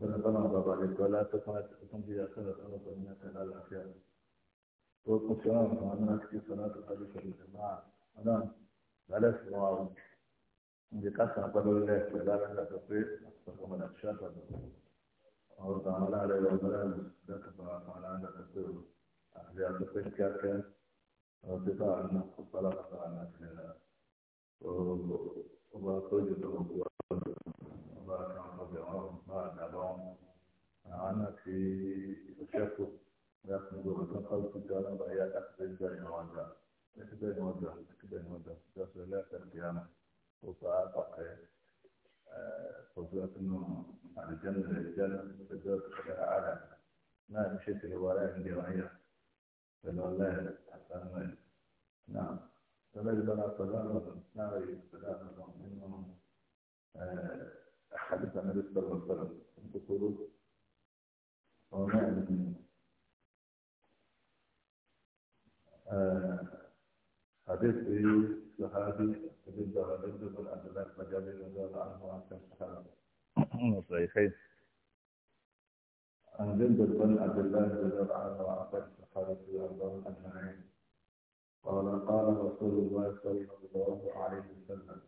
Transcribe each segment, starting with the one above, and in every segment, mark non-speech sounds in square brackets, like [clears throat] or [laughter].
ونبنى بابا عليك ولا تكون تكون في آخر الأمر وإنك لا العافية وقلت شام وأنا أكتب صلاة الخليفة للجماعة أنا بلاش معاون عندي قسم قالوا لي لا لا تطيع أستقم الأكشاف أرضى على على الأولاد لا تفعل على على تطيع أحذي أتطيع كاكا أرتفاع النقص الصلاة على الأكشاف وأخرج له وبارك بأمرهم ما لهم أنا في التشكك لكن دور قلت كان رأي أكبر بين وجه بين وجه بين وجه جالس لا تأتي أنا وتعاطى فزرت إنه على الجنة الجنة فزرت أعلى ما مشيت الهواية عندي رأيه قال والله حتى نعم فما يبقى سلام سلام سلام منهم حديث النبي صلى الله عليه وسلم ما وما من حديث إيه؟ صحابي حديث ده حديث ده عبد الله بن جابر رضي الله عنه وعن كم صحابي [clears throat] صحيحين عن جند بن عبد الله رضي الله عنه وعن كم صحابي رضي الله اجمعين قال قال رسول الله صلى الله عليه وسلم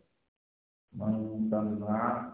من سمع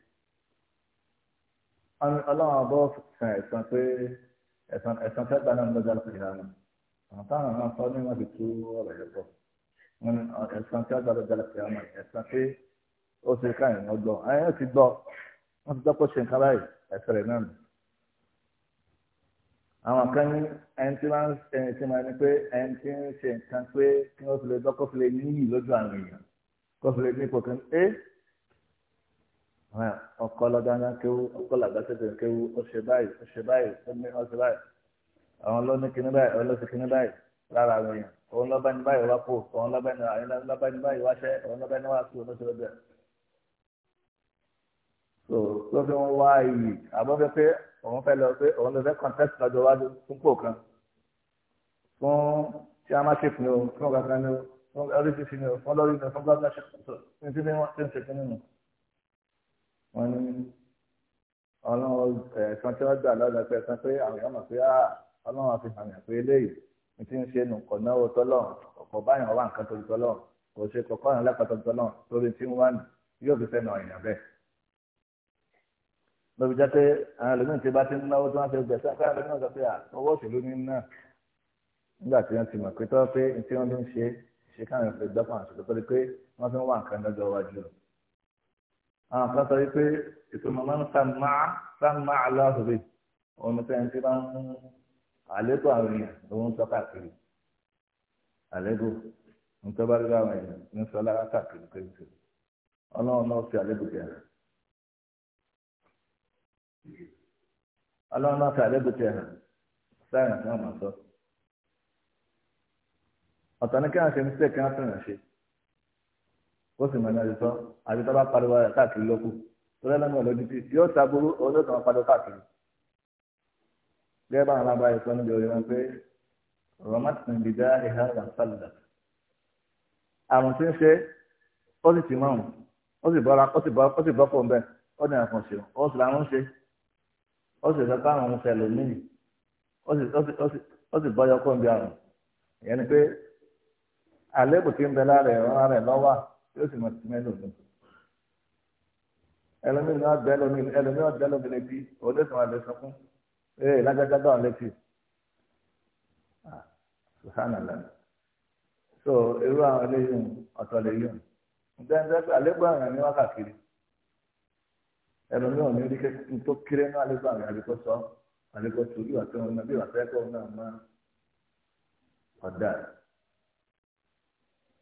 ọlọ́run ọbọ̀ sàn ẹ̀sán pé ẹ̀sán ẹ̀sán fẹ́ gbaná ní lọ́jà lọ́kùnrin náà àwọn táwọn náà sọ ní wọn ti tú ọ̀rọ̀ yẹn pọ̀ wọn ni ẹ̀sán fẹ́ gbaná lọ́jà lọ́kùnrin náà ẹ̀sán pé ó ṣe ká ìwọ̀n gbọ́ ẹ̀yìn ti gbọ́ wọ́n ti dọ́pọ̀ ṣe nǹkan báyìí ẹ̀sẹ̀ rẹ̀ náà nù. àwọn kan ní ẹni tí wọ́n ẹni tí wọ́n ní pé ẹni tí ń ṣe nǹkan pé kí wọ́n fi lè dọ́kọ̀ fi lè níyì lójú àwọn èèyàn kó fi lè ní ipò kan ẹ́ ọkọ lọ́dáná kéwú ọkọ làgbàsẹ̀sẹ̀ kéwú ọṣẹ báyìí ọṣẹ báyìí ọmọ ọṣẹ báyìí àwọn ọlọ́ni kíní báyìí ọlọ́sẹ̀ kíní báyìí lára àwọn èèyàn òun lọ́ba ní báyìí wá kó òun lọ́ba ní lọ́ba ní báyìí wá ṣẹ́ òun lọ́ba ní wá kó ọlọ́sẹ̀ lọ́bẹ̀. so ló fi wọn wá iyì àbọ̀ fẹ́ pé òun fẹ́ lọ pé òun lọ fẹ́ contest lọ́jọ́ iwájú fún pò kan fún chairmanship ni o fún ọ̀gá kan ni o fún oríṣiríṣi ni o fún lọ́rí wọ́n ní ọlọ́run ẹ̀sán tí wọ́n gbà lọ́dọ̀ pé ẹ̀sán pé àwọn èèyàn mọ̀ pé ah, ọlọ́run àti àmì àpé eléyìí ní tí ń ṣe nù kọ̀ náwó tọ́lọ́run kọ̀ báyìí wọ́n wà nǹkan tó tọ́lọ́run kò ṣe kọ̀kọ́ àwọn ẹlẹ́kọ̀ọ́ tó tọ́lọ́run torí tí wọ́n wà nù yóò fi fẹ́ràn èèyàn bẹ́ẹ̀. lóbi jẹ́ pé àwọn ẹlòmíì tí bá ti ń náwó tí wọ́n fi gbẹ̀sẹ̀ káyọ̀ lónìí ọ̀sẹ̀ pé ah, owó òṣèlú ní náà nígbà tí wọ́n ti mọ̀ pé tọ́ pé tí wọ́n ti ń ṣe ṣe káwọn ẹ̀fọ́ àwọn kan sọ wípé ètò màmá ń sàmà sàmà aláhùrè òun ní sẹ́yìn tí bá ń mú àlékò àwọn èèyàn lòun ń sọ káàkiri àlékò nǹkan bá rí àwọn èèyàn ń sọ lára káàkiri kéńtì ọlọ́run náà fi àlékò jẹ ọlọ́run náà fi àlékò jẹ hàn sáyẹn àti àwọn àmọ́ sọ ọ̀tọ̀ ní kí wọ́n ṣe ń sẹ́kẹ́ àtúnyàn ṣe. ó sì mọ̀nà ìsọ àti tó bá pariwo káàkiri lóko tó lẹ́nu ọ̀nà tí yóò ṣàbúrú òun yóò tàn pariwo káàkiri. gẹ́gẹ́ àwọn sọ níbi wọn pé rọmọtìmí bìdá ìhà wà sálùdà. àrùn tí ń ṣe ó sì ti mọ̀rùn ó sì bọ́ra ó sì bọ́ ó ṣe ó sì ṣe ó sì sọ pé àrùn ó sì bọ́ àrùn ìyẹn yóò sì máa ti mẹ́lò ní. ẹlòmíì náà bẹ́ẹ̀ lómi ẹlòmíì náà bẹ́ẹ̀ lómi létí olóòtú máa lè sọ fún ee lágbájá bá wọn létí. Subhanallah so irú àwọn eléyìí ọ̀tọ̀ lè yùn ǹjẹ́ àlébù àwọn ẹ̀mí wá kàkiri ẹlòmíì ò ní rí kékeré tó kéré náà àlébù àwọn ẹ̀mí kò sọ àlébù tó bí wà tó ń bí wà fẹ́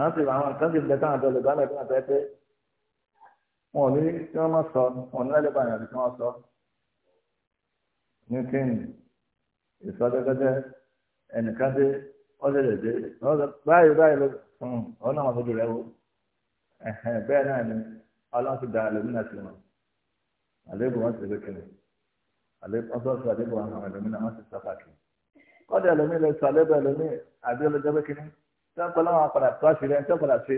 àwọn sì àwọn nǹkan sì bẹ táwọn àtọlẹ gbọmọ ẹgbẹ àtọlẹ pé wọn ò ní kí wọn má sọ wọn ò ní lálẹ́ báyìí àbí kí wọn sọ newton ìsọdẹgbẹdẹ ẹnìkan dé ọlẹlẹdẹ báyìí báyìí ló hmm, ọ náà wọn tó dùn rẹ wò bẹ́ẹ̀ náà ni Ọlọ́run ti da àlòmínà sí wọn àlébù wọn sì lè kiri àlébù àlébù wọn àwọn àlòmínà wọn sì sọ káàkiri kọ́dà àlòmínà tí wọ́n pẹ̀lú àwọn padà tó àṣírí ẹni tí wọ́n padà ṣe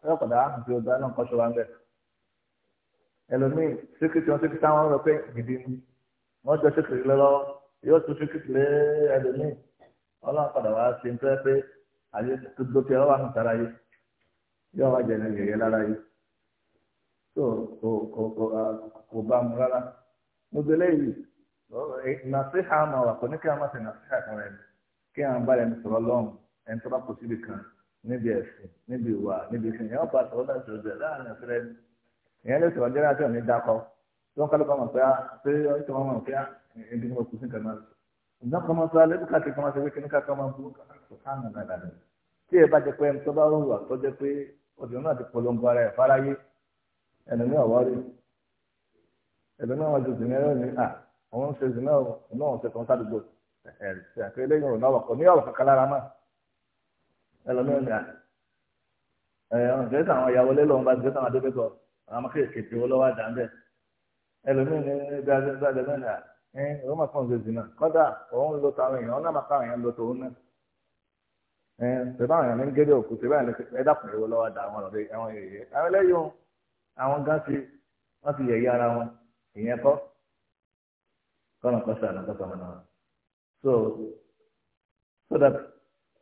tí wọ́n padà àti ọ̀dà náà kọ́ ṣọ́ra ńbẹ̀. ẹlòmíì síkìtì wọn síkìtì táwọn rọ pé gidi ni wọ́n jọ síkìtì lé lọ́wọ́ yóò tún síkìtì lé ẹlòmíì ọlọ́run padà wá sí ń pẹ́ pé àyè tó gbókè ọlọ́wà ń tara yìí yóò wá jẹ ẹ̀yẹ lára yìí tó kò bá mu rárá gbogbo eléyìí nàṣíhà máa wà kò ní kí a má ṣe nàṣíhà kan rẹ̀ kí a bá rẹ̀ sọ̀rọ̀ lọ́rùn ẹni tó bá kó síbi kan níbi ẹ̀sìn níbi ìwà níbi ìsìn ìyẹn ọ̀pá sọ̀rọ̀ náà sọ̀rọ̀ bẹ̀rẹ̀ láàrin ọ̀sẹ̀rẹ̀ ni ìyẹn lè sọ̀rọ̀ jẹ́rẹ́ àti ọ̀ní dákọ́ tí wọ́n kálukọ́ mọ̀ pé á pé ọ̀ṣọ́ wọn mọ̀ pé á ibi ni mo kù sí nǹkan náà ǹjẹ́ kọ́ máa sọ alẹ́ bí káàkiri kan máa ṣe wí kíní káàkiri máa burú sọ̀tánù nàdà ni tí ẹ bá jẹ pé ẹni tó bá wà tó jẹ pé ọ̀dùn náà ti polongo ara ẹ̀ fáráyé ẹnu ní ẹlòmíràn ní àwọn ìgbésẹ̀ àwọn ìyàwó lẹ́lọ́wọ́n bá ìgbésẹ̀ àwọn adébẹ́tọ̀ àwọn amákèké tí wọ́n lọ́wọ́ àdá ń bẹ̀ ẹlòmíràn ní gbàgbẹ́sẹ̀ ẹlòmíràn ní ọ̀rọ̀ máa fọ́n gbèsè náà kọ́dà òun lo tàwọn èèyàn ọ̀nà máa káwọn èèyàn lo tòun náà tẹ̀bá àwọn èèyàn ní gẹ́gẹ́ òkú tẹ̀bá ẹ̀dá fún ìwọ lọ́wọ́ àdá àwọn ọ̀rẹ́ àwọn èèyàn àwọn ẹlẹ́yìn àwọn gan ti wọ́n ti yẹ̀yẹ́ ara wọn ìyẹn kọ́ kọ́nà kọ́sà àná kọ́sà wọn náà so so that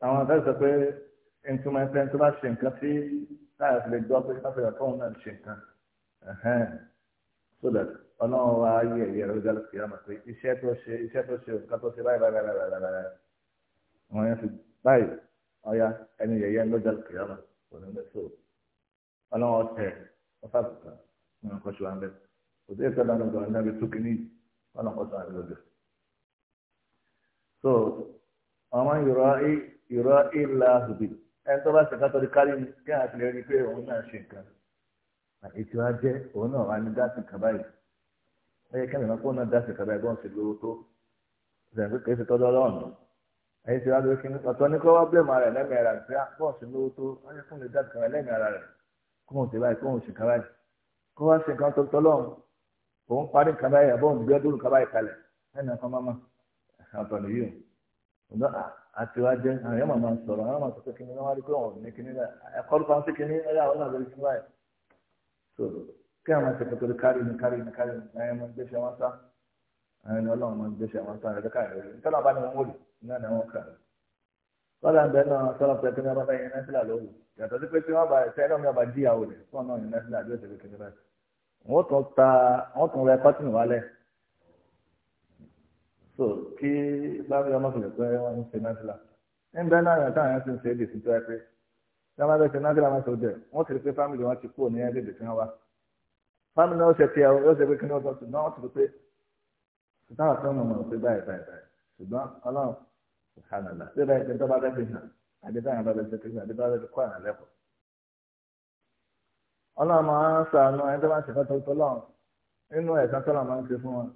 àwọn akẹ́kọ̀ọ́ pé ẹnitọ́mọ ẹgbẹ́ tó bá ṣe nǹkan tí táyà fi lè gbọ́ pé káfíńtà tóun náà ṣe nǹkan so that ọlọ́run wa ayé ẹ̀yẹ rẹ̀ lọ́jọ́ lọ́kì yàrá pé iṣẹ́ tó ṣe iṣẹ́ tó ṣe nǹkan tó ṣe báyìí báyìí báyìí báyìí báyìí wọn yẹn fi báyìí ọya ẹni yẹ̀yẹ́ lọ́jọ́ lọ́kì yàrá kò ní lè so ọlọ́run ọ̀tẹ̀ ọ̀fàbùkà ní ọkọ̀ ṣù wá ń bẹ̀ kò sí ìfẹ́ lọ́nà ìjọba ní ẹgbẹ́ tó kìíní ọlọ́run ọ̀tọ̀ àti lọ́jọ́ so ọmọ ìrọ̀ ìlà àdùbí ẹni tó bá ṣèkà tó di kárí ni kí àti lè rí i pé òun náà ṣe nǹkan ètò ajé òun náà wà ní dáàsì kan báyìí ó yẹ kẹ́mi máa kó náà dáàsì kan báyìí bọ́n ṣe lówó tó ṣe pé kìí ṣe tọ́jú ọlọ́run ẹ̀yin ti wá lórí kí ọ̀tọ̀ ní kí wọ́n blame ara rẹ̀ lẹ́mìí ara rẹ̀ pé ah, bọ́n ṣe lówó tó ó yẹ kó lè dáàsì kan báyìí lẹ́mìí ara rẹ̀ kó wọn ṣe báyìí kó wọn ṣe kan báyìí kó wá ṣe nǹkan tó tọ́lọ́run òun parí nǹkan báyìí àbọ̀ òun gbẹ́dúró nǹkan báyìí kalẹ̀ ẹ̀ ọ̀dọ́ àti wá jẹ́ àwọn èèyàn máa sọ̀rọ̀ àwọn máa sọ pé kíni wọ́n wá rí pé wọ́n ní kíni náà ẹ̀kọ́ ló fáwọn sí kíni ẹ̀yà àwọn náà lórí kíni báyìí so kí àwọn máa tẹ̀pẹ̀ pẹ̀lú kárí ni kárí ni kárí ni ẹ̀yà máa gbéṣẹ́ wọn sá àwọn ènìyàn ọlọ́run máa gbéṣẹ́ wọn sá ẹ̀rẹ́ káyọ̀ rẹ̀ nítorí àbá ni wọ́n wò lù náà ni wọ́n kà kọ́lá ń bẹ náà sọ́nà pé kíni bá yẹn nẹ́fìlà lówù yàtọ̀ sí pé tí wọ́n bá ṣẹ́ ẹ̀rọ ọba díyàwó rẹ̀ fún ọ̀nà yẹn nẹ́fìlà bí ó ṣe fi kíni báyìí wọ́n tún ta wọ́n tún rẹ kọ́tìnì wálẹ̀ so kí sáré ọmọ fi lè pẹ́ ń ṣe náfìlà ń bẹ́ẹ̀ náà yàtọ̀ àyàn ti ń ṣe é dìtì tó ẹ pé sábà bẹ́ẹ̀ ṣe náfìlà máa ṣe jẹ wọ́n ti rí pé fámìlì wọn ti kú ní ẹgbẹ́ tí wọ́n wá fámìlì náà ṣe tiẹ̀ yóò ṣe pé kí ni wọ́n ti náà wọ́n ti rí pé ìtàwọn tó ń mọ̀ pé báyìí báyìí báyìí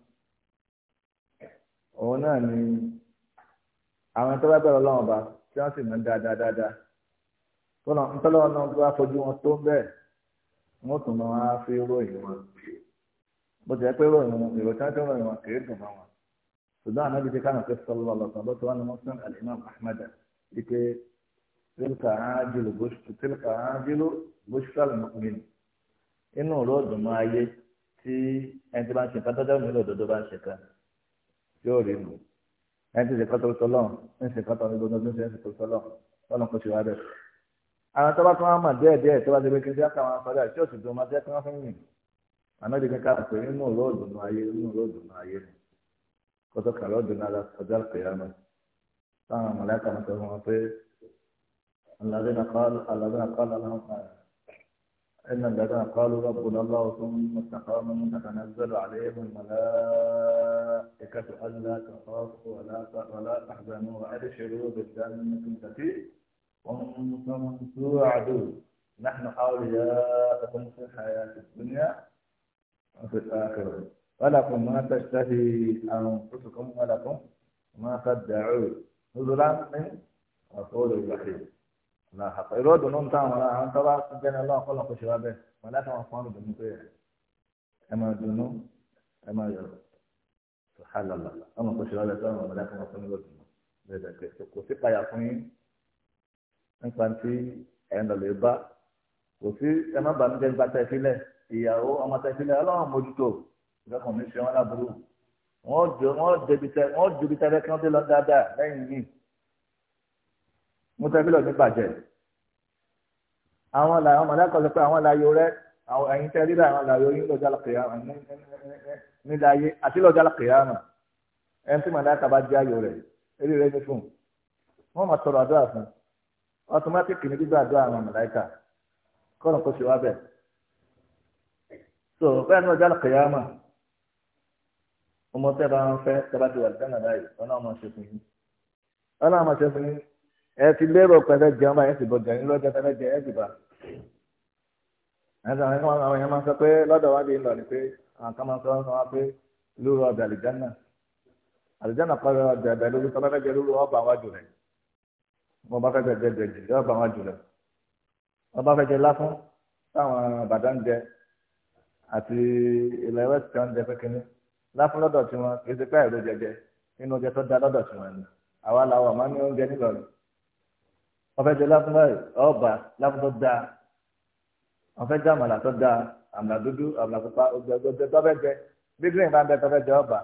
òun náà ni àwọn tó bá bẹ̀rẹ̀ ọlọ́run ọba tí wọ́n sì mọ̀ dáadáa dáadáa tọ́lọ́ ntọ́lọ́wọ́ náà tó bá fojú wọn tó bẹ́ẹ̀ wọ́n tún fi ròyìn wọn bó ti jẹ́ pé ròyìn wọn èrò tí wọ́n ti ròyìn wọn kìí dùn mọ́ wọn ṣùgbọ́n ànábi ti kánà pé sọlọ́ lọ́sàn bó ti wọ́n ní yóò rí mu ẹni tí ń ṣe kọ́tọ́ sọlọ́n ń ṣe kọ́tọ́ ní gbogbo ọdún ṣe ń ṣe kọ́tọ́ sọlọ́n sọlọ́n kò ṣe wá bẹ́ẹ̀. àwọn tó bá tún wọn mọ̀ díẹ̀ díẹ̀ tó bá ti gbé kí n ṣe àwọn afọdà tí yóò sì dùn máa jẹ́ kí wọ́n fún yìn àná di kankan pé inú ròdù nù ayé inú ròdù nù ayé ni kótó kà ròdù nù ara ọjọ́ àpèyàmọ́ táwọn mọ̀lẹ́kà mọ̀ sọ fún wọn pé alàdínà kọ́ alàdínà إن الذين قالوا ربنا الله ثم استقاموا تتنزل عليهم الملائكة ألا تخافوا ولا ولا تحزنوا وأبشروا بالجنة التي كنتم توعدون نحن أولياءكم في الحياة الدنيا وفي الآخرة ولكم ما تشتهي أنفسكم ولكم ما تدعون نزلا من رسول الرحيم náà àpò irú ọdún ló ń tán àwọn àwọn tó bá jẹni ọlọ́run kọ́ lọ́kọ́ ṣe wá bẹ́ẹ̀ wọn láti wọn fọ́n dùnú pé ẹ máa dùnú ẹ máa yọrọ sùhálàlà ọmọ kò ṣe wá bẹ́ẹ̀ sọ́run ọmọdé kan fún yóò dùnú bẹ́ẹ̀ bẹ́ẹ̀ kò sí payà fún yín nípa tí ẹ̀ ń lọ lè bá kò sí ẹ má bàa níjẹ́ gbàtẹ́ sílẹ̀ ìyàwó ọmọ tẹ́ sílẹ̀ ọlọ́run mójútó ìfẹ́kàn mi ṣe wọn láburú wọn jò mo tẹ́ fílọ̀ mi bàjẹ́ àwọn làwọn mọ̀lẹ́kọ̀ọ́ sọ pé àwọn làyò rẹ àwọn ẹ̀yin tẹ́ rírà àwọn làyò yín lọ́jà lọ́kẹ̀yà nílẹ̀ ayé àti lọ́jà lọ́kẹ̀yà mà ẹni tí mọ̀lẹ́kà bá jẹ́ ayò rẹ̀ eré rẹ̀ ní fún wọn mọ̀ tọrọ àdúrà fún ọtọmátìkì ní gbígbà àdúrà àwọn mọ̀lẹ́kà kọ́nà kó ṣe wá bẹ̀ so bẹ́ẹ̀ ni lọ́jà lọ́kẹ̀yà mà ọmọ tẹ́ bá ń fẹ́ tẹ́ bá ti wà lẹ́nà ẹ ti lérò pẹ̀lẹ́ jẹun báyìí ẹ sì bọ̀ jẹun lọ́jọ́ pẹ̀lẹ́ jẹun ẹ sì bá. ẹ̀sán àwọn èèyàn máa sọ pé lọ́dọ̀ wá di ń lọ ni pé àwọn kan máa sọ wọn sọ wọn pé lóru ọ̀dà àlìjánà àlìjánà pàrọ̀ ọ̀dà ẹ̀bẹ̀ lórí tọ́ bẹ́ẹ̀ jẹ lóru ọba wájú rẹ̀ mo bá fẹ́ jẹ jẹ jẹ jẹ ọba wájú rẹ̀ wọ́n bá fẹ́ jẹ lásán táwọn bàdá ń jẹ àti ilẹ̀ west kan jẹ pékinní láfún lọ́dọ̀ tiwọn kì í ṣe pé àìrò jẹjẹ nínú oúnjẹ tó da lọ́dọ̀ tiwọn ni àwa làwọn máa ń ní oúnjẹ nílọrin ọfẹ jẹ láfúnmáì ọba láfúntọ dáa ọfẹ jẹ àmàlà tó dáa àmàlà dúdú àmàlà pupa ọjọgbọjọ tọfẹ jẹ bí green bá ń bẹ tọfẹ jẹ ọba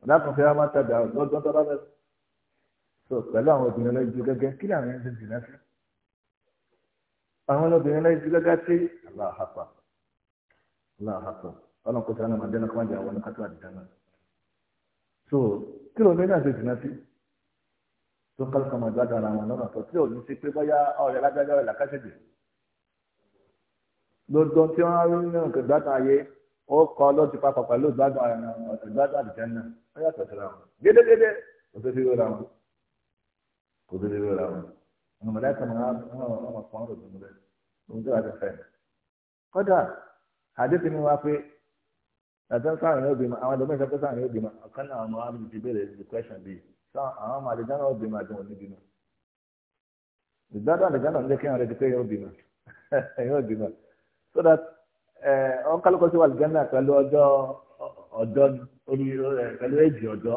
ọdún àkànfẹ ọmọ tẹbẹ ọgbọgbọ tọfẹ bẹ so pẹ̀lú àwọn obìnrin lójú gẹ́gẹ́ kí làwọn ẹni ti náà sí àwọn obìnrin lójú gẹ́gẹ́ sí aláhàpà aláhàpà ọlọ́nkọ́ta náà máa dẹ́nu kọ́ máa jẹ àwọn ọ̀nà kátó àdìdá náà so kí lóun ní náà ti náà sí tó ń kálukọ́ máa gbádùn ara wọn lọ́nà tó tí ò ní sí pé bóyá ọ̀rẹ́ lágbájá rẹ̀ làkàṣẹ̀jẹ̀ lọ́dọ̀ tí wọ́n rí ní nǹkan gbádùn ayé ó kọ́ lọ́ọ́ ti papọ̀ pẹ̀lú gbádùn àdìjẹ́ náà ó yàtọ̀ síra wọn gédégédé kò tó ti rọra wọn kò tó ti rọra wọn ọmọ mọ̀lẹ́kà máa ọmọ kan rò lóun rẹ̀ lóun tó wà ti fẹ́ kọ́dà àdéhùn ni wọ́n á pé àtẹ́ńsáàrin yóò bímọ àwọn ẹlòmíràn the question bíi sọ àwọn ọmọ àdìgánà obìnrin àti wọn níbi náà ìgbádùn àdìgánà ń jẹ́ kí wọn rẹ̀ ti pé [laughs] so that ọ̀n kálukọ́ sí àdìgánà pẹ̀lú ọjọ́ ọjọ́ pẹ̀lú èjì ọjọ́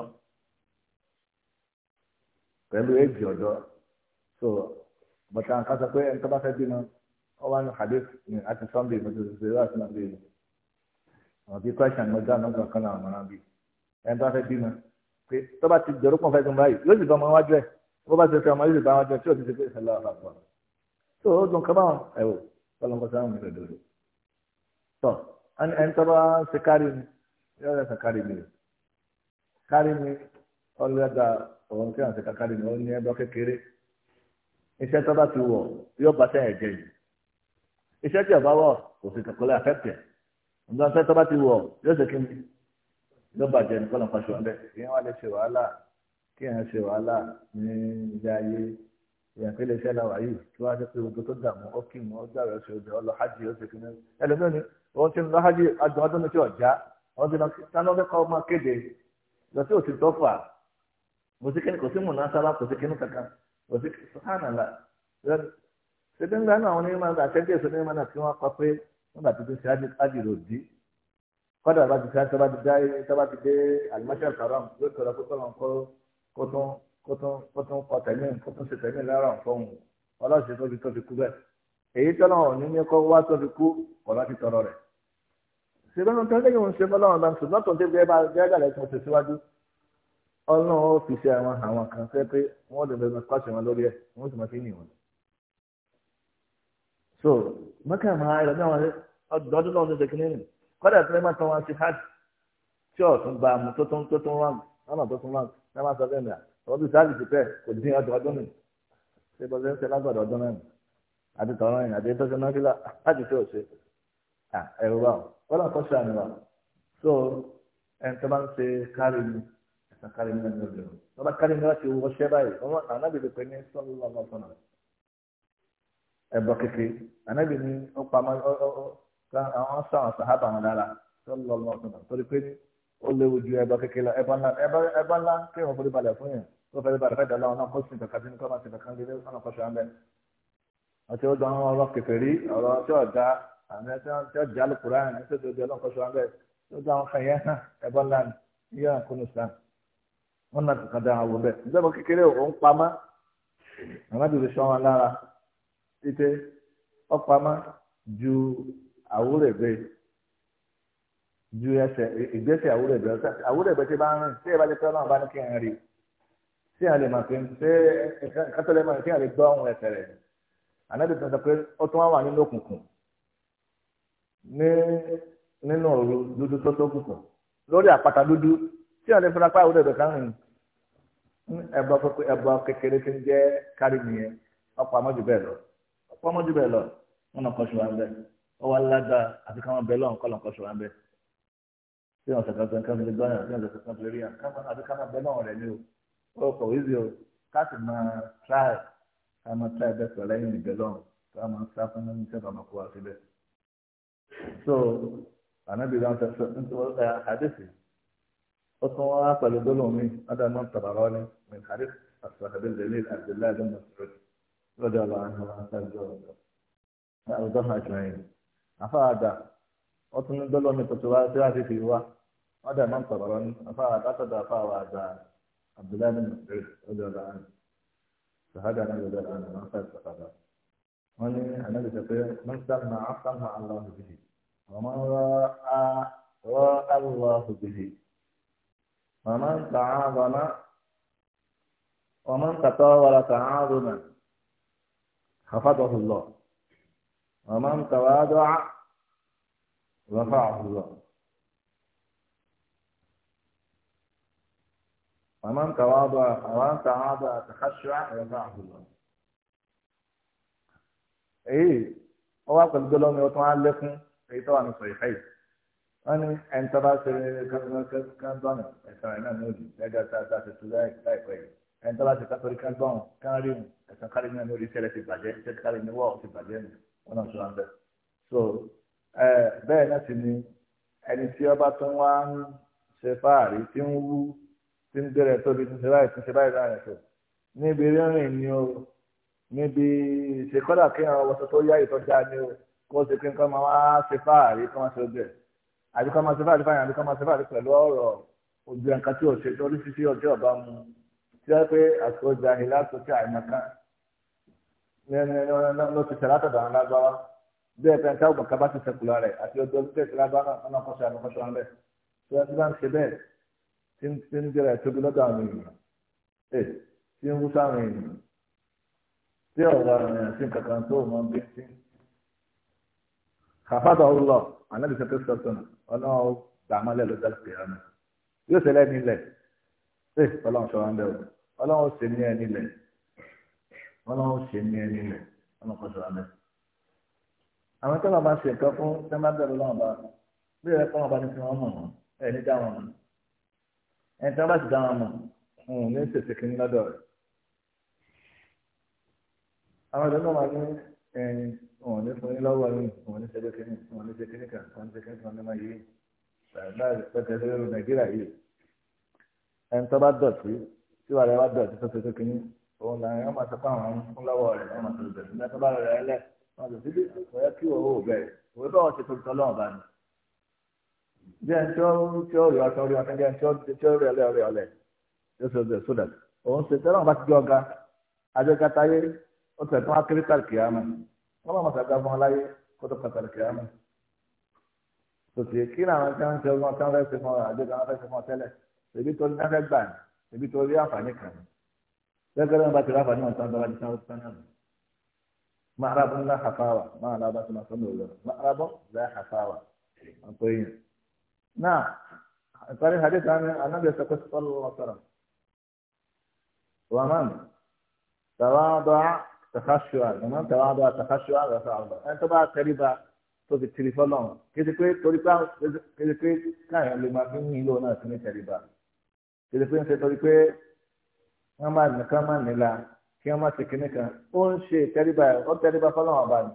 pẹ̀lú èjì ọjọ́ so bọ̀tà nǹkan sọ pé ẹni tó bá fẹ́ bímọ ọ wá ní hadith ní àti sunday mo ti ṣe wá sí náà bí ọ̀bí question mo dá nọ́mbà kan náà mọ̀ràn bí ẹni tó bá fẹ́ bímọ pé tó bá ti jọ̀rọ̀ pọ̀ fẹ́ẹ́ tó ń báyìí yóò sì bá ọmọ wájú ẹ̀ bó bá ti fẹ́ ọmọ yóò sì bá wájú ẹ̀ tí ò ti ṣe pé ìṣẹ̀lẹ̀ ọ̀rọ̀ tó o dùn kọ́ báwọn ẹ̀ wò tọ́lọ́mọ sáwọn mi rẹ̀ dòdò tọ́ ẹni tó bá ṣe kárí mi yóò rẹ̀ sọ kárí mi kárí mi ọlọ́dà ọ̀rọ̀ tí wọ́n ṣe kárí mi ó ní ẹgbẹ́ kékeré iṣẹ́ tó bá ti wọ̀ yóò bá sẹ́yìn jẹ yìí iṣẹ́ tí ọba wọ̀ kò ló bàjẹ́ ní kọ́nà pàṣẹ wọn bẹ́ẹ̀ kí wọ́n lè ṣe wàhálà kí wọ́n ṣe wàhálà ní ilé ayé ìyàpẹ́ lè ṣe láwà yìí kí wọ́n á jẹ́ pé gbogbo tó dààmú ó kì mọ́ ọjà rẹ̀ ṣe ọjà ọlọ hajj ó ṣe kìnnìún ẹlẹ́mìíràn ni wọ́n ti ń lọ hajj adùn ọdún tí ọ̀já wọ́n ti lọ sáná fẹ́ kọ́ ọmọ kéde lọ sí òsì tọ́fà kò sí kíní kò sí múná sábà kò sí kíní kankan kò sí sàánàlà ṣẹ́gbẹ́ngbà náà àwọn onímọ̀ àtẹ́jẹ́ ìṣẹ́ onímọ̀ náà wọ́n pa pé nígbà tó ti kọ́dà bá ti fẹ́ tó bá ti dá tó bá ti dé alimọ́ṣẹ́ karam yóò tọrọ kó tọrọ kó kó tún kó tún kó tún kọ tẹ̀mí kó tún ṣe tẹ̀mí lára nǹkan òun ọlọ́sìn tó fi tó fi kú bẹ́ẹ̀ èyí tọ́lọ́ òní ní kó wá tó fi kú kọ́ láti tọrọ rẹ̀. ṣùgbọ́n tó ń tẹ́lẹ̀ ń ṣe fọlọ́run náà ṣùgbọ́n tó ń tẹ́lẹ̀ bá gẹ́gà rẹ̀ tó ṣe síwájú ọlọ́run ó fi ṣe àwọn àwọn kan fẹ́ pé wọ́n lè bẹ̀rẹ̀ kọ́ṣẹ̀ wọn lórí ẹ̀ wọ́n sì máa fi ń yìn wọn. so mọ́kà máa ẹ̀rọ náà ọdún náà ló ṣe kí nínú kọ́dà tí wọ́n máa tán wọn sí hajj tí ọ̀tún bá mu tó tún tó tún rán lọ́nà tó tún rán ní wọ́n sọ fẹ́mi à wọ́n ti sáàlì ti pẹ́ kò dín ọdún ọdún nì ṣé bọ́sẹ̀ ń ṣe lágbàdo ọdún náà àti tọ̀rọ̀ yìí àti tọ́sẹ̀ náà fílà láti tó ṣe ẹ̀rù wa kọ́dà kọ́ ṣe àmì wa so ẹni tó bá ń ṣe kárí mi ẹ̀sán kárí mi náà lọ́dọ̀ tó bá kárí mi láti wọ àwọn sáwọn sàhábà wọn dára sọlọ lọ sọlọ torí pé ó léwu ju ẹbọ kékeré ẹbọ ńlá ẹbọ ńlá kí wọn forí balẹ̀ fún yẹn tó fẹẹ balẹ̀ fẹẹ dàlọ ọ̀nà kọsìn kankan tí nǹkan máa ti kankan lé ọ̀nà kọsìn àmì àti ó dán ọ̀rọ̀ kékeré ọ̀rọ̀ tí ọjà àmì tí ọjà lùkùrá àmì tí ó di ọ̀nà kọsìn àmì tó dán ọkàn yẹn hàn ẹbọ ńlá ni yíyan kúnnù sàn wọn nà kankan àwúrẹ̀bẹ ju ẹsẹ̀ ìgbésẹ̀ àwúrẹ̀bẹ àwúrẹ̀bẹ tí bá ń rìn tí ẹ bá lè tọ́lọ́ bá ní kí n rí tí a lè fi ṣe kátólẹ́ máa tí a lè gbọ́ ohun ẹsẹ̀ rẹ̀ ànábì tó ń sọ pé ó tún wá wà nínú òkùnkùn ní nínú òru dúdú tó tó kùkùn lórí àpáta dúdú tí a lè fura pé àwúrẹ̀bẹ kan rìn ẹbọ kékeré tí ń jẹ́ kárí nìyẹn ọ̀pọ̀ amọ́jú bẹ́ẹ̀ lọ ọ̀pọ̀ bẹ́ẹ̀ lọ wọn ó wá lágbára àti káwọn bẹ rí àwọn káwọn àti káwọn bẹ lọ́wọ́ rẹ ní o ó kọ̀ wí sí wọn bẹ tí wọn sọ̀kan tó ń kán lè gbọ́yàn tí wọn sọ̀kan tó lè rí yàn àti káwọn bẹ lowo rẹ̀ ni o ó kọ̀ wíìzì o ko wi si máa tíráì ká máa tíráì bẹ́ẹ̀ pẹ̀lú soro leyin lọ́run ká máa sá fún ẹni tí wọn kó wa si bee so ànábì wọn sọ sọ nítorí àdéhùn ó tún wá pẹ̀lú gbólóhùn mi ọ̀dà náà afáàdà wọ́n tún ní dọ́lọ́ mi tuntun wá tí wọ́n fi fi wá wọ́n dà máa ń pàpàrọ̀ ní afáàdà látọ̀dọ̀ afáàdà abdullahi bin abdullahi ọjọ́ ọ̀la àná sàhádà náà ọjọ́ ọ̀la àná máa ń fẹ́ sàhádà wọ́n ní ànábì sọ pé man sàmà àfàmà aláwọ̀ bìbì ọmọ rọ aláwọ̀ bìbì ọmọ ń tà á lọ́nà ọmọ ń tàtọ́ wọ́n tà á lọ́nà àfàdọ̀hùn lọ́ọ̀. ومن تواضع رفعه الله ومن تواضع ومن تواضع تخشع رفعه الله ايه هو قد قال لهم يوتوان لكم ايه طبعا صحيحي إيه، انا انت بس كان كان دونا انا نودي لقى ساعه تسلاك لا كويس انت بس كان كان دونا كان ريم كان خارج من نودي إيه، سلسله باجي كان خارج من واو إيه، في باجي wọn náà tún wá ń bẹ̀. so bẹ́ẹ̀ náà sì ni ẹni tí ọba tó ń wá ń ṣe fáàrí tí ń wú tí ń bẹ̀rẹ̀ tóbi tí ń ṣe báyìí tí ń ṣe báyìí láàrin ẹ̀sọ́ níbi rírìn ni o níbi ìṣèkọ́dà kí àwọn ọmọ tó yá ìtọ́já ni o kó o ṣe pé nǹkan máa wá ṣe fáàrí kí wọ́n ṣe ọjọ́ ẹ̀ àbí kọ́ máa ṣe fáàrí fáàrí àbí kọ́ máa ṣe fáàrí pẹ̀lú ọ̀rọ̀ ògbìn nǹkan tí ò ṣe tó oríṣiríṣi ọjọ́ ọba mu tí wọ́n pé àsọjà ìlàsọ tí àìmọ̀kan ló ti tẹ̀ látọ̀dọ̀ àwọn lágbára bẹ́ẹ̀ pé táwọn bàkà bá ti sẹ̀kù lára ẹ̀ àti ọjọ́ bẹ́ẹ̀ ti lágbára ọlọ́kọ̀ṣọ́ àlọ́kọ̀ṣọ́ ńlẹ̀ tí wọ́n ti bá ń ṣe bẹ́ẹ̀ tí ń tí ń jẹ́ra ẹ̀ tóbi lọ́dọ̀ àwọn èèyàn ẹ̀ tí ń wúsà àwọn èèyàn tí ọ̀rọ̀ àwọn èèyàn sí kankan tó mọ bí ń sí. kàfàtà ọlọ ànábì sẹpẹ sọtún ọlọ gbàmọlẹ lọ́jọ́ kìlámẹ yóò ṣẹlẹ̀ nílẹ̀ ẹ Ọlọ́run sọ wọn bẹ Ọlọ́run ṣe ní ẹ nílẹ̀ wọn lọ́wọ́ ṣe ní ẹni rẹ̀ wọn lọ́kọ́ sọ̀rọ̀ mẹ́. àwọn tó máa ṣe ẹ̀kọ́ fún tẹ́mábẹ́rù lọ́wọ́ bá bí ẹ̀rẹ́ kọ́ wọn bá ní fi wọn mọ̀ wọn ẹ̀ ní dá wọn mọ̀ ẹ̀ tí wọ́n bá ti dá wọn mọ̀ wọn ò ní ṣèṣe kìíní lọ́dọ̀ rẹ̀. àwọn ìdánwò máa ní ẹ̀yìn wọn ò ní fún yín lọ́wọ́ yín wọn ò ní ṣe kìíní wọn ò ní ṣe kan wọn ní ṣe kan ní máa yí báyìí pẹ́tẹ́ lérò Nàìjíríà yìí ẹni tó bá dọ̀tí tí wàá rẹ̀ wá dọ̀tí tó ṣe tó òun là ń máa sọpá àwọn fúnláwọ rẹ wọn máa sọ̀rọ̀ bẹ́ẹ̀ nígbà tó bá rẹ lẹ wọn sọ síbi ọyọ kí wọn ò bẹ̀rẹ̀ òwe bá wọn ṣe tó tọlọ ọba ni. bí ẹni tí ó tí ó rí ọtọ rí ọtọ bí ẹni tí ó tí ó rí ọlẹ rí ọlẹ yóò sọ bẹ́ẹ̀ sódà òun ṣe tẹ́lẹ̀ wọn bá ti jẹ ọ̀gá adékata yé ó tẹ̀ fún akérésà kìámà wọn bá wọn sàgbà fún ọláyé kó tó pàtàkì kìámà. tòtì kí làwọn tí wọn ń ṣe ọgbọ́n tí wọn fẹ́ẹ́ ṣe gẹ́gẹ́ bá ti ráfà níwọ̀n tán dára nìkan ọ̀sán náà ma'arabun la hafawa ma'a la ba su masu nuna ma'arabun la hafawa akwai yin na tsarin hadith an annabi sallallahu alaihi wasallam wa man tawada takhashwa wa man tawada takhashwa rafa Allah an ta ba kariba tó fi tiri fọlọ́n kéde pé torí pé kéde pé káyọ̀ lè máa fi ń yí lóun náà wọ́n máa nì kán máa nílà kí wọ́n máa ṣe kíní kan ó ń ṣe tẹ́ríba ó tẹ́ríba fọlọ́wọ́n ọba ni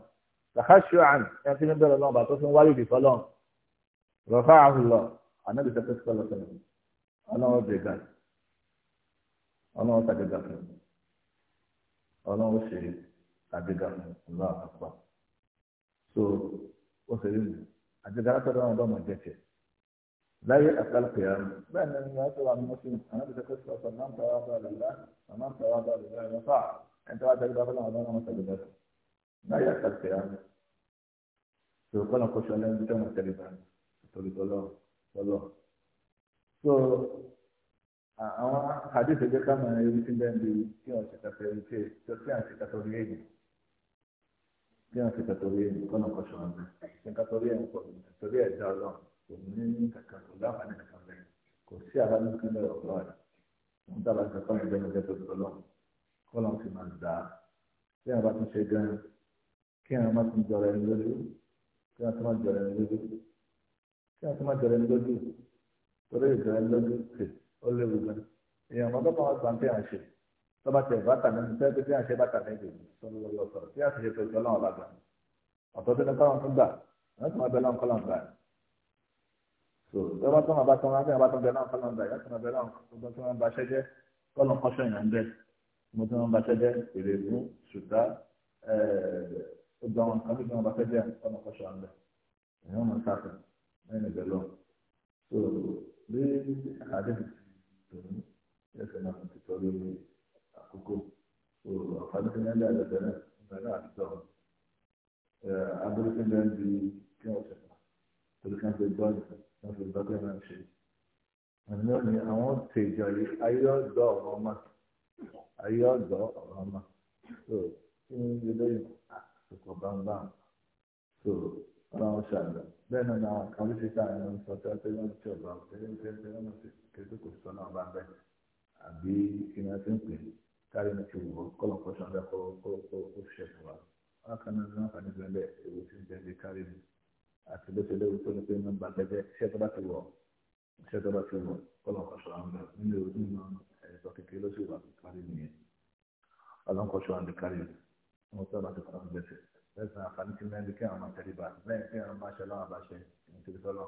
làkàṣọ àn ẹ̀ tí ń bẹ̀rẹ̀ lọ́wọ́ ọba tó fi ń wáyé ìdí fọlọ́wọ́n rọ̀fà àhùlọ̀ ànábì sẹ́kẹ́ sọ́lọ́ sọ́lọ́ ọlọ́wọ́ bẹ̀gà ọlọ́wọ́ tàgẹ́gà fún ọlọ́wọ́ ṣe tàgẹ́gà fún ọlọ́wọ́ àpapọ̀ so ó ṣe rí mi àjẹgà látọ̀dọ̀ àwọn ọ̀dọ́ jẹ́ tiẹ̀ láyé àtàlùkè yàrá bẹ́ẹ̀ ni ẹni wọ́n tó wà ní mọ́sílì àwọn ìdílé kó sọ sọ máa ń tọ́wọ́ bá lọ́lá máa ń tọ́wọ́ bá lọ́lá ẹ̀rọ fà ẹni tó wà jẹ́ gbàgbọ́ náà ọ̀dọ́ náà wọ́n tẹ̀lé bẹ́ẹ̀ láyé àtàlùkè yàrá tó kọ́nà kó sọ lẹ́nu tó wọ́n tẹ̀lé bẹ́ẹ̀ torí tọ́lọ́ tọ́lọ́. so àwọn hadith ẹgbẹ́ ká máa rí sí bẹ́ẹ̀ bí kí wọ́n ṣe kàtọ́ rí ṣe tó kí wọ́n ṣe kàtọ́ rí èyí kí wọ́n ṣe kàtọ́ rí èyí kọ́nà kó sọ kò ní ní kankan kò láǹfààní kankan bẹ́ẹ̀ kò sí aláàánú kan lọ́wọ́ ọ̀rọ̀ rẹ̀ wọ́n dábàá ń sọ́kọ́ ìjọba ìjọba tó tọ́ lọ́wọ́ kọ́ lọ́n fi máa dà á kí àwọn bá tún ṣe gan kí àwọn má tún jọra ẹni lójú kí àwọn tún má jọra ẹni lójú kí àwọn tún má jọra ẹni lójú torí ìjọra ẹni lójú pè ó léwu gan èèyàn mọ́tò kan wá gbà ń pè àṣẹ tọ́ba tẹ̀ bàtà mẹ́rin tẹ́ pé àṣẹ bàtà mẹ́rin sọ́nù lọ́wọ́ sọ̀rọ̀ tí àṣẹ tó ìjọ náà lágbà ọ̀tọ̀ tó káwọn tún gbà wọ́n tún wá bẹ́ẹ̀ lọ́nkọ́ lọ́nkọ́ so lọ́wọ́ tó máa bá tán láti àbátan bẹ̀rẹ̀ náà kọ́nà bẹ̀rẹ̀ yàtọ̀ bẹ̀rẹ̀ náà gbogbo tó máa ń baṣẹ́ jẹ́ kọ́nà kọ́ṣọ́ ìyàn bẹ́ẹ̀ mo tó máa ń baṣẹ́ jẹ́ èrè ìlú ṣùgbọ́n ọgbà eh, wọn kan tó máa baṣẹ́ jẹ́ kọ́nà kọ́ṣọ́ ìyàn bẹ́ẹ̀ èèyàn máa sáfẹ̀ lẹ́yìn ìbẹ̀ lọ so bí àdéhùn ti tòun náà ti tọ́ torí kan fi gbọ́ kan fi gbọ́ pé máa ṣe àná ni àwọn tèjọ yìí ayé ọ̀dọ́ ọ̀rọ̀ ọmọ ayé ọ̀dọ́ ọ̀rọ̀ ọmọ so kí ni ilé lóyún àsopọ̀ bámbá so ọlọ́run ṣàlọ́ bẹ́ẹ̀ náà ni àwọn kan ló ṣe káàrin ló ń sọ pé pé wọ́n ti ọ̀bà tẹ́lẹ̀ tẹ́lẹ̀ wọ́n ti kéde kò sọ náà bá bẹ́ẹ̀ àbí kí ni wọ́n ti ń pè káàrin ní ti wò kọ́lọ̀ kọ́ṣọ́ bẹ́ẹ̀ kó ṣẹ̀fọ̀ wa. wọ́n kàn ní wọn kàn ní bẹ́ẹ̀ ewu ti ń bẹ́ẹ̀ káàrin àti bó ṣe léwu tó ní pé ní gbàgbẹ́jẹ́ iṣẹ́ tó bá ti wọ̀ iṣẹ́ tó bá ti wọ̀ kọ́lọ̀ kọ̀ṣọ́ àwọn ọmọ nínú ìròyìn náà ẹ̀sọ́ kékeré ló sì wà kárí nìyẹn ọlọ́nkọ̀ṣọ́ àti kárí wọn tó bá ti kọ́ ọ́n gbèsè lẹ́sìn àǹfààní tí mẹ́rin kí àwọn àtẹ̀lé bá bẹ́ẹ̀ kí àwọn máṣe lọ́wọ́ àbáṣe nítorí tọ́lọ́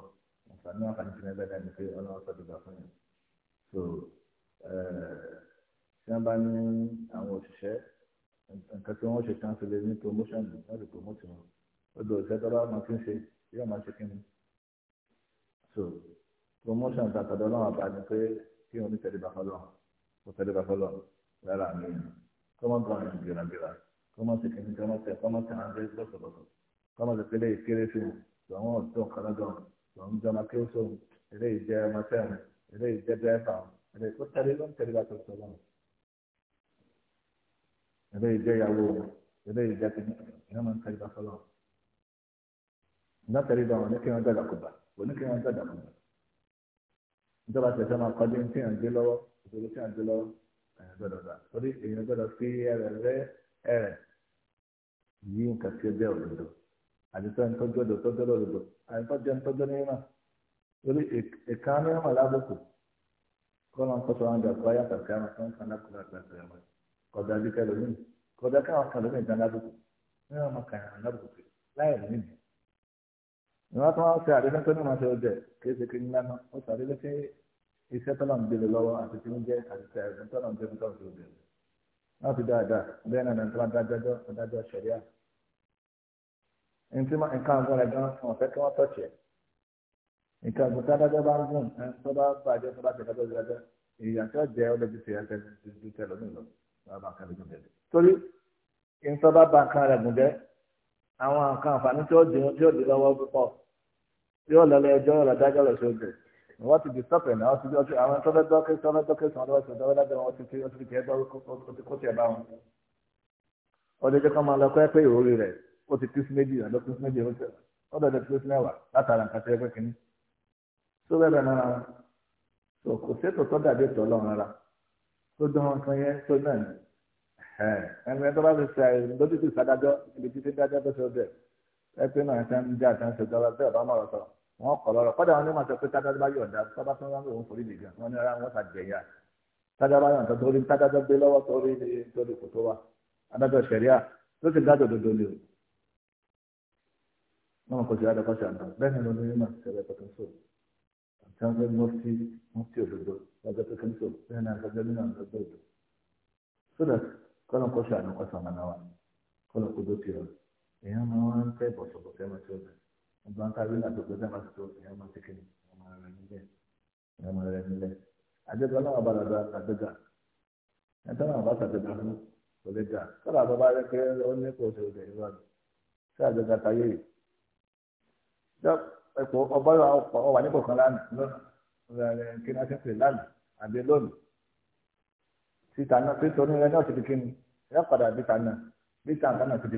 àǹfààní àǹfààní tí mẹ́rin bẹ́ẹ̀ ni pé ọlọ́wọ́ sọ̀tù gbà fún yẹn so eh, tí wọ́n bá ní àwọn òṣìṣẹ́ nǹkan tí wọ́n ṣe tán fi ní promotion wọ́n sì promote wọn ó ìṣẹ́ tọ́lá máa fi ń ṣe yóò máa ṣe kíni so promotion tàtàdọ́ náà bá ní pé kí wọn ní tẹ̀lébà fọlọ́ kó tẹ̀lébà fọlọ́ rárá mi kọ́ mọ́ gan ẹ̀sìn gbìràgbìrà kọ́ mọ́ ṣe kíni kọ́ mọ́ tẹ̀ kọ́ mọ́ tẹ̀ hàn dé lọ́sọ̀lọ́sọ̀ kọ́ mọ́ ṣe pé léyìí kéré sí wọn àwọn ọ̀tún kanadọ̀ wọn ń jọmọ kí ó sọ eléyìí jẹ ọmọ sẹ́wọ̀n eléyìí dẹ́fà eléyìí kó tẹ̀lé ló ń tẹ̀lébà tó sọ lọ́wọ́ eléyìí jẹ ìyàwó eléyìí jẹ kíni ìyá máa ń tẹ̀lébà fọlọ́ látàrídà wọn ní kí wọn dàgbà kùbà wọn ní kí wọn dàgbà kùbà ìjọba tẹsán máa kọjú ní tí wọn gbé lọ́wọ́ ìṣòro tí wọn gbé lọ́wọ́ èèyàn gbọ́dọ̀ gbà torí èèyàn gbọ́dọ̀ fi ẹrẹ rẹ ẹrẹ yí nǹkan tí ó jẹ òdodo àdìsọ ní tọjọ òdodo tọjọ òdodo àdìsọ jẹ ní tọjọ níyìnbá torí ìka níyìnbá lábùkù kọ́ máa ń kọ́ sọ́wọ́n jà kó ayé àtàkà àwọn tó ń kan lákùnrin àgbàṣe ẹ̀wọ̀ kọjá bí kẹlòmíì kọjá káwọn kẹlòmíì gan lábùkù níyìnbá máa kàn án lábùkù láì níbi ìwọ́n tó wọ́n ṣe àdéhùn tó ní wọn ṣe ọjọ́ kìí ṣe kìí ńlá náà ó ṣàdéhùn pé iṣẹ́ tọ́lọ̀ ń gbélé lọ́wọ́ àti tí ń jẹ́ àti ẹ̀sìn tọ́lọ̀ ń gbélé tọ́lọ̀ ń gbélé náà ti dáadáa bẹ́ẹ̀ náà nípa dájọ́jọ́ adájọ́ ṣẹ̀ríà ní tí nǹkan àgùn rẹ̀ gan wọn fẹ́ kí wọ́n tọ̀ṣẹ̀ nǹkan àgùn tí adájọ́ bá ń gùn tó bá bàjẹ́ tó bá ti dájọ́ dájọ́ èèyàn tí ó yóò la la yóò lọ dájọ́ lọ sóde wọ́n ti di stop ẹ̀nà ọtí ọtí àwọn tọ́lẹ̀ dọ́kẹ́ tọ́lẹ̀ dọ́kẹ́ sọ̀rọ̀ lọ́wọ́ sọ̀rọ̀ lọ́wọ́ dájọ́ wọn ti ti ọtí tiẹ̀ bá kó tiẹ̀ bá wọn. ọdún ẹjọ́ kan máa lọ kọ́ ẹ pé ìwúrí rẹ̀ ó ti kí sí méjì ọ̀dọ́ kí sí méjì ó tẹ̀ ọ̀dọ́ ọ̀dọ́ so kò sétò tó dàbí ètò ọlọ́run ẹgbẹ́ náà ẹ̀ka ń dé àtàǹsẹ̀ ìjọba bẹ́ẹ̀ bá mọ̀rọ̀ sọ̀rọ̀ wọ́n kọ̀ lọ́rọ̀ kọ́dà wọn ní màá sọ pé tájá bá yọ̀ǹda tọ́ba tó ń rán òun forí nìkan wọn ní ara wọn jẹ̀yà bá yọ̀ǹda torí tó gbé lọ́wọ́ torí torí kò tó wa adájọ́ sẹ̀ríà ló ti dájọ́ o wọn kò sí sí àná bẹ́ẹ̀ ni èèyàn máa wá ń tẹ bọ̀sọ̀bọ̀ sẹ́mọ̀ sí ọ̀bẹ ọba ń kárí ìlànà tó sẹ́mọ̀ sí ọ̀bẹ èèyàn máa ń tẹ́kẹ̀ èèyàn máa rẹ̀ nílẹ̀ èèyàn máa rẹ̀ nílẹ̀ àjẹgbẹ́ náà bá dàgbà àgbẹ̀gà ẹ̀tọ́ náà bá sàgbẹ̀gà fún kọ̀lẹ́gà kọ́lá bàbá rẹ̀ pé ó ní kò ṣe ọ̀bẹ ìwádìí sí àgbẹ̀gà táyé yìí ẹ̀pọ̀ ọba ọwà nípò kan lánàá lónìí kí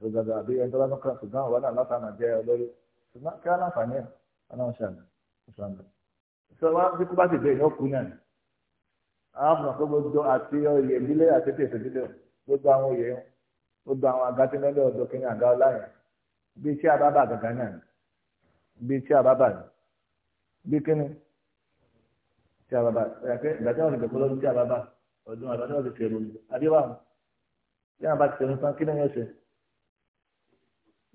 gbogbo àbí ẹni tó bá tún kọ́ ṣùgbọ́n àwọn náà lọ́sàn án jẹ́ olórí ṣùgbọ́n kí wọ́n láǹfààní ẹ̀ ọlọ́run ṣàlẹ̀ ṣàlẹ̀. sọ wá bí kú bá ti bẹ̀rẹ̀ yóò kú náà ni àwọn ọmọ gbogbo àti oyè ìdílé àti tètè ìdílé gbogbo àwọn oyè gbogbo àwọn àga tí lọ́dọ̀ ọ̀dọ̀ kí ni àga ọláyà bí iṣẹ́ àbábà gàgà náà ni bí iṣẹ́ àbábà ni bí kíni iṣẹ́ àbábà ìgbà tí iṣẹ́ àbábà ọdún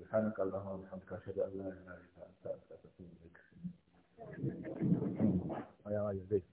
سبحانك اللهم وبحمدك أشهد أن لا إله إلا أنت أستغفرك ويا راجل